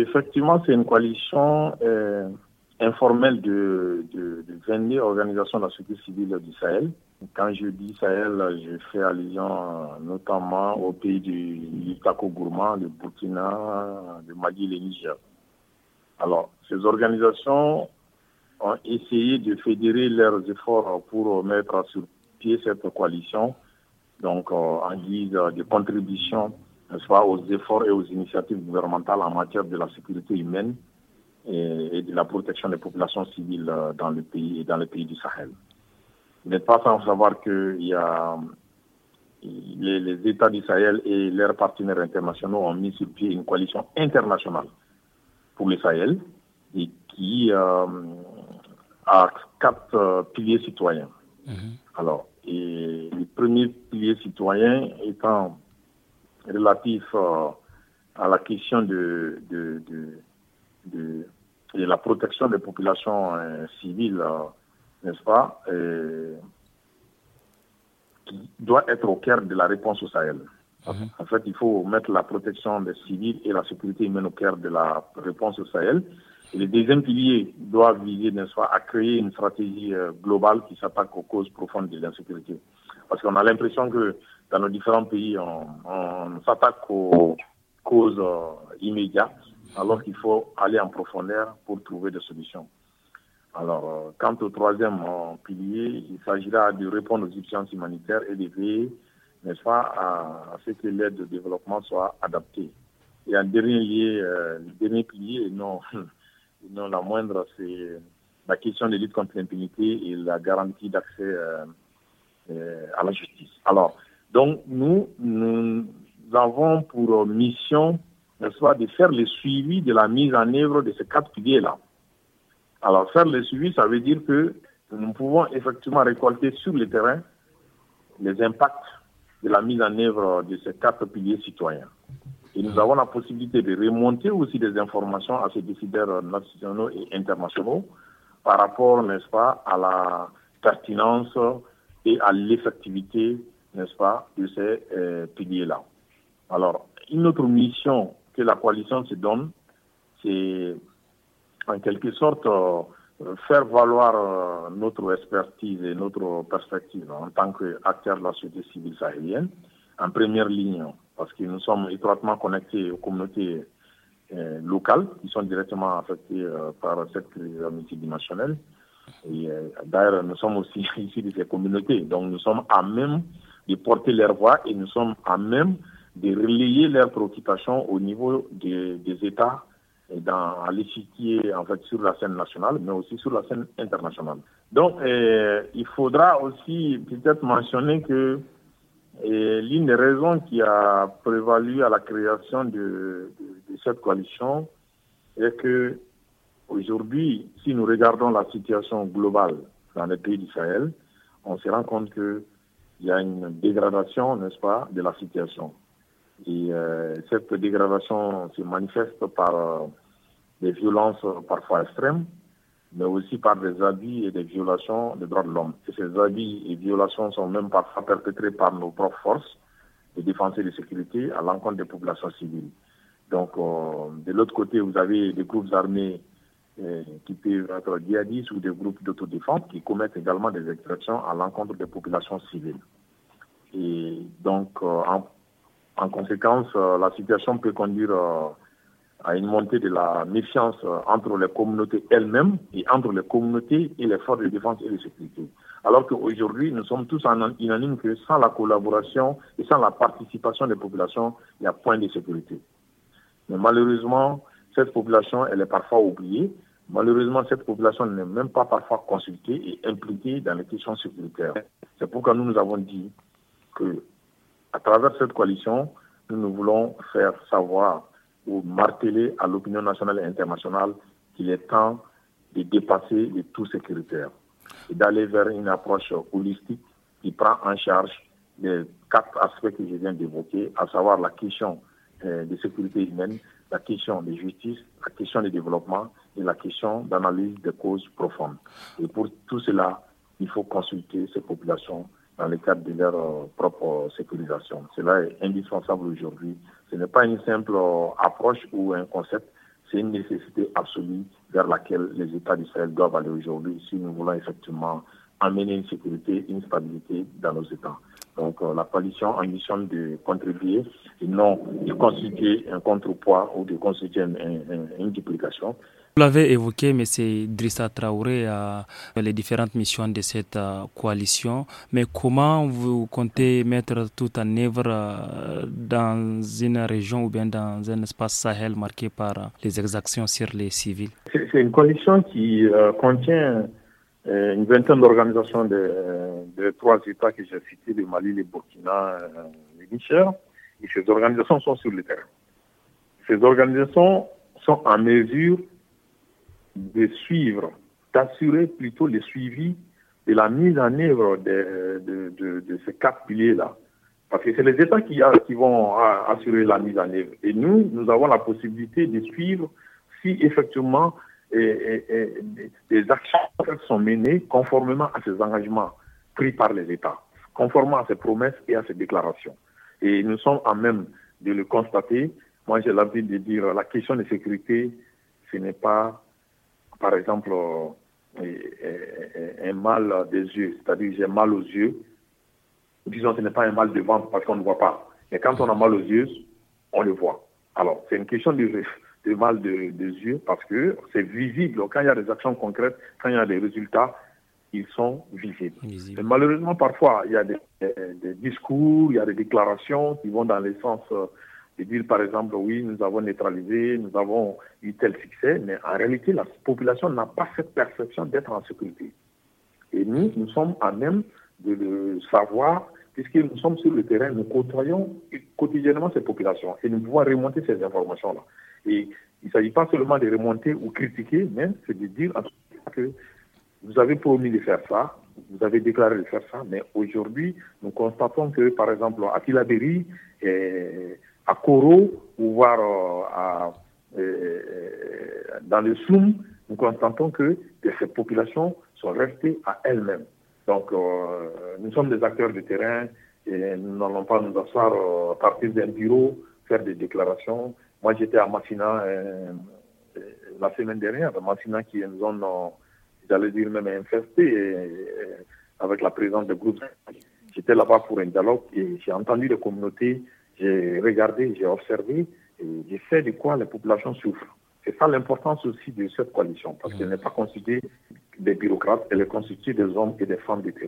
Effectivement, c'est une coalition euh, informelle de, 20 organisations de la société civile du Sahel. Quand je dis Sahel, je fais allusion notamment aux pays du l'Itako Gourmand, de Burkina, du Mali et Niger. Alors, ces organisations ont essayé de fédérer leurs efforts pour mettre sur pied cette coalition, donc euh, en guise de contribution soit aux efforts et aux initiatives gouvernementales en matière de la sécurité humaine et, de la protection des populations civiles euh, dans le pays et dans le pays du Sahel. Vous pas sans savoir que y a les, États du Sahel et leurs partenaires internationaux ont mis sur pied une coalition internationale pour le Sahel et qui euh, a quatre euh, piliers citoyens. Mhm. Alors, le premier pilier citoyen étant relatif euh, à la question de, la protection des populations euh, civiles, euh, n'est-ce pas, qui doit être au cœur de la réponse au Sahel. Mhm. En fait, il faut mettre la protection des civils et la sécurité humaine au cœur de la réponse au Sahel. les le deuxième pilier doit viser, n'est-ce pas, à créer une stratégie globale qui s'attaque aux causes profondes de l'insécurité. Parce qu'on a l'impression que dans nos différents pays, on, s'attaque aux causes euh, immédiates, alors qu'il faut aller en profondeur pour trouver des solutions. Alors, euh, quant au troisième euh, pilier, il s'agira de répondre aux urgences humanitaires et de veiller, n'est-ce pas, à, ce que l'aide de développement soit adaptée. Et un dernier dernier pilier, non, non la moindre, c'est la question de lutte contre l'impunité et la garantie d'accès à la justice. Alors, donc, nous, nous avons pour mission, n'est-ce pas, de faire le suivi de la mise en œuvre de ces quatre piliers-là. Alors, faire le suivi, ça veut dire que nous pouvons effectivement récolter sur le terrain les impacts de la mise en œuvre de ces quatre piliers citoyens. Et nous avons la possibilité de remonter aussi des informations à ces décideurs nationaux et internationaux par rapport, n'est-ce pas, à la pertinence et à l'effectivité n'est-ce pas, de ces euh, piliers-là. Alors, une autre mission que la coalition se donne, c'est en quelque sorte euh, faire valoir euh, notre expertise et notre perspective en tant qu'acteur de la société civile sahélienne en première ligne, parce que nous sommes étroitement connectés aux communautés locales qui sont directement affectées par cette crise multidimensionnelle. Et d'ailleurs, nous sommes aussi issus de ces communautés, donc nous sommes à même de porter leur voix et nous sommes à même de relayer leurs préoccupations au niveau des, États et dans, à l'échiquier en fait sur la scène nationale, mais aussi sur la scène internationale. Donc, euh, il faudra aussi peut-être mentionner que euh, l'une des raisons qui a prévalu à la création de, cette coalition est que aujourd'hui, si nous regardons la situation globale dans les pays d'Israël, on se rend compte que il y a une dégradation, n'est-ce pas, de la situation. Et euh, cette dégradation se manifeste par euh, des violences parfois extrêmes, mais aussi par des abus et des violations des droits de l'homme. Et ces abus et violations sont même parfois perpétrés par nos propres forces de défense et de sécurité à l'encontre des populations civiles. Donc, euh, de l'autre côté, vous avez des groupes armés euh, qui peuvent être djihadistes ou des groupes d'autodéfense qui commettent également des extractions à l'encontre des populations civiles. Et donc, euh, en, conséquence, euh, la situation peut conduire à une montée de la méfiance entre les communautés elles-mêmes et entre les communautés et les forces de défense et de sécurité. Alors qu'aujourd'hui, nous sommes tous en, unanime que sans la collaboration et sans la participation des populations, il n'y a point de sécurité. Mais malheureusement, cette population, elle est parfois oubliée Malheureusement, cette population n'est même pas parfois consultée et impliquée dans les questions sécuritaires. C'est pourquoi nous, nous avons dit que, à travers cette coalition, nous, nous voulons faire savoir ou marteler à l'opinion nationale et internationale qu'il est temps de dépasser les tout sécuritaires et d'aller vers une approche holistique qui prend en charge les quatre aspects que je viens d'évoquer, à savoir la question euh, de sécurité humaine, la question de justice, la question de développement et la question d'analyse des causes profondes. Et pour tout cela, il faut consulter ces populations dans le cadre de leur euh, propre sécurisation. Cela est indispensable aujourd'hui. Ce n'est pas une simple euh, approche ou un concept, c'est une nécessité absolue vers laquelle les États d'Israël doivent aller aujourd'hui si nous voulons effectivement amener une sécurité, une stabilité dans nos États. Donc euh, la coalition a mission de contribuer et non de constituer un contrepoids ou de constituer une, duplication. Vous l'avez évoqué, mais c'est Drissa Traoré, à euh, les différentes missions de cette euh, coalition. Mais comment vous comptez mettre tout en œuvre dans une région ou bien dans un espace Sahel marqué par les exactions sur les civils C'est une coalition qui contient euh, une vingtaine d'organisations euh, de, trois États que j'ai cités, le Mali, le Burkina, euh, le Niger. Et ces organisations sont sur le terrain. Ces organisations sont en mesure de suivre, d'assurer plutôt le suivi de la mise en œuvre de, ces quatre piliers-là. Parce que c'est les États qui, qui vont assurer la mise en œuvre. Et nous, nous avons la possibilité de suivre si effectivement et, des actions sont menées conformément à ces engagements pris par les États, conformément à ces promesses et à ces déclarations. Et nous sommes en même de le constater. Moi, j'ai l'habitude de dire la question de sécurité, ce n'est pas, par exemple, euh, un mal des yeux, c'est-à-dire j'ai mal aux yeux. Disons, ce n'est pas un mal de ventre parce qu'on ne voit pas. Mais quand on a mal aux yeux, on le voit. Alors, c'est une question de, de mal de, yeux parce que c'est visible. Quand il y a des actions concrètes, quand il y a des résultats, ils sont visibles. malheureusement, parfois, il y a des, des, discours, il y a des déclarations qui vont dans le sens euh, de dire, par exemple, oui, nous avons neutralisé, nous avons eu tel succès, mais en réalité, la population n'a pas cette perception d'être en sécurité. Et nous, nous sommes à même de le savoir puisque nous sommes sur le terrain, nous côtoyons quotidiennement ces populations et nous pouvons remonter ces informations-là. Et il ne s'agit pas seulement de remonter ou critiquer, mais c'est de dire en tout cas que vous avez promis de faire ça, vous avez déclaré de faire ça, mais aujourd'hui, nous constatons que, par exemple, à Tilaberi, eh, à Koro, ou voir euh, eh, dans le Soum, nous constatons que ces populations sont restées à elles-mêmes. Donc, euh, nous sommes des acteurs de terrain et nous n'allons pas nous asseoir euh, à partir d'un bureau, faire des déclarations. Moi, j'étais à Massina euh, la semaine dernière, Massina qui est une zone, j'allais dire même infestée, avec la présence de groupes. J'étais là-bas pour un dialogue et j'ai entendu les communautés, j'ai regardé, j'ai observé et j'ai fait de quoi les populations souffrent. C'est ça l'importance aussi de cette coalition, parce qu'elle n'est pas considérée des bureaucrates, elle est constituée des hommes et des femmes du